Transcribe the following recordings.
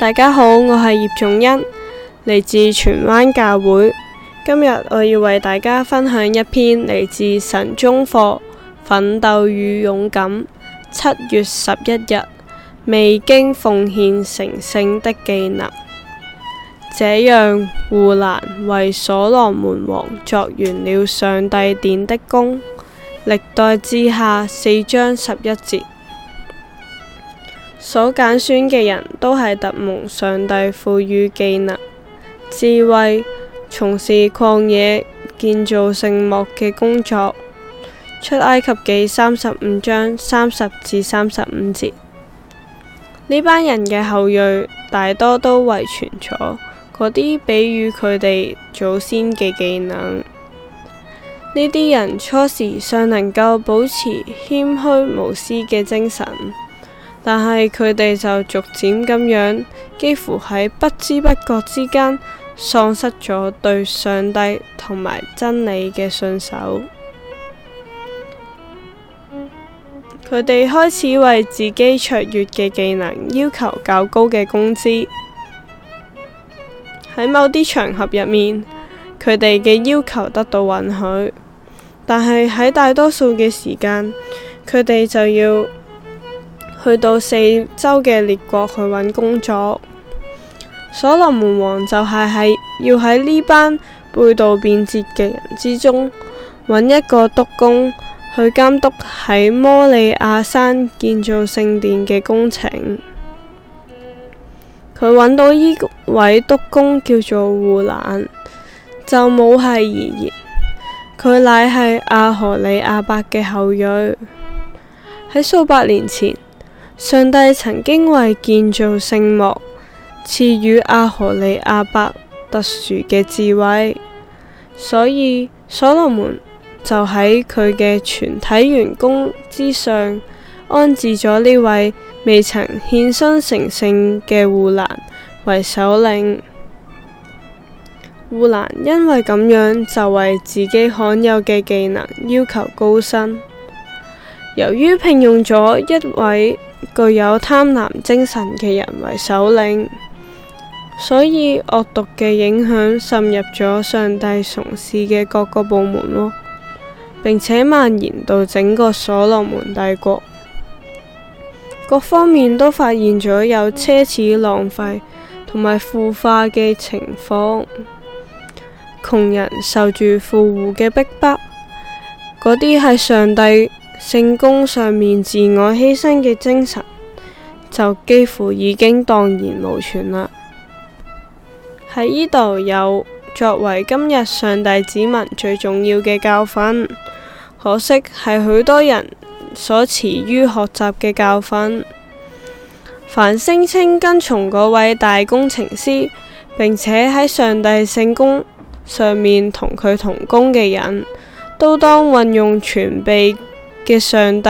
大家好，我係葉仲恩，嚟自荃灣教會。今日我要為大家分享一篇嚟自神中課《奮鬥與勇敢》，七月十一日未經奉獻成聖的技能。這樣戶蘭為所羅門王作完了上帝殿的工。歷代志下四章十一節。所揀選嘅人都係特蒙上帝賦予技能、智慧，從事曠野建造聖幕嘅工作。出埃及記三十五章三十至三十五節。呢班人嘅後裔大多都遺傳咗嗰啲，比喻佢哋祖先嘅技能。呢啲人初時尚能夠保持謙虛無私嘅精神。但係佢哋就逐漸咁樣，幾乎喺不知不覺之間，喪失咗對上帝同埋真理嘅信守。佢哋開始為自己卓越嘅技能要求較高嘅工資。喺某啲場合入面，佢哋嘅要求得到允許，但係喺大多數嘅時間，佢哋就要去到四周嘅列國去揾工作，所羅門王就係喺要喺呢班背道變節嘅人之中揾一個督工，去監督喺摩利亞山建造聖殿嘅工程。佢揾到呢位督工叫做護懶，就冇係而熱，佢乃係阿荷里亞伯嘅後裔，喺數百年前。上帝曾經為建造聖幕，賜予阿荷里亞伯特殊嘅智慧，所以所羅門就喺佢嘅全體員工之上安置咗呢位未曾獻身成聖嘅戶蘭為首領。戶蘭因為咁樣就為自己罕有嘅技能要求高薪。由於聘用咗一位。具有貪婪精神嘅人為首領，所以惡毒嘅影響滲入咗上帝從事嘅各個部門，咯，並且蔓延到整個所羅門帝國，各方面都發現咗有奢侈浪費同埋腐化嘅情況，窮人受住富戶嘅逼迫，嗰啲係上帝。聖功上面自我犧牲嘅精神，就幾乎已經蕩然無存啦。喺呢度有作為今日上帝子民最重要嘅教訓，可惜係許多人所遲於學習嘅教訓。凡聲稱跟從嗰位大工程師，並且喺上帝聖功上面同佢同工嘅人，都當運用全備。嘅上帝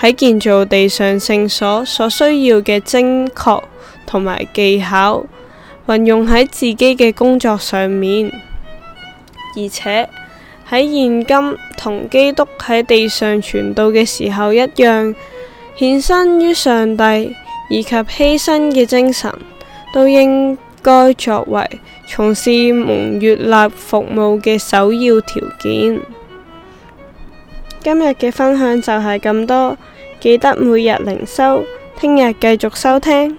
喺建造地上聖所所需要嘅精確同埋技巧，運用喺自己嘅工作上面，而且喺現今同基督喺地上傳道嘅時候一樣，獻身於上帝以及犧牲嘅精神，都應該作為從事蒙悅納服務嘅首要條件。今日嘅分享就係咁多，記得每日靈修，聽日繼續收聽。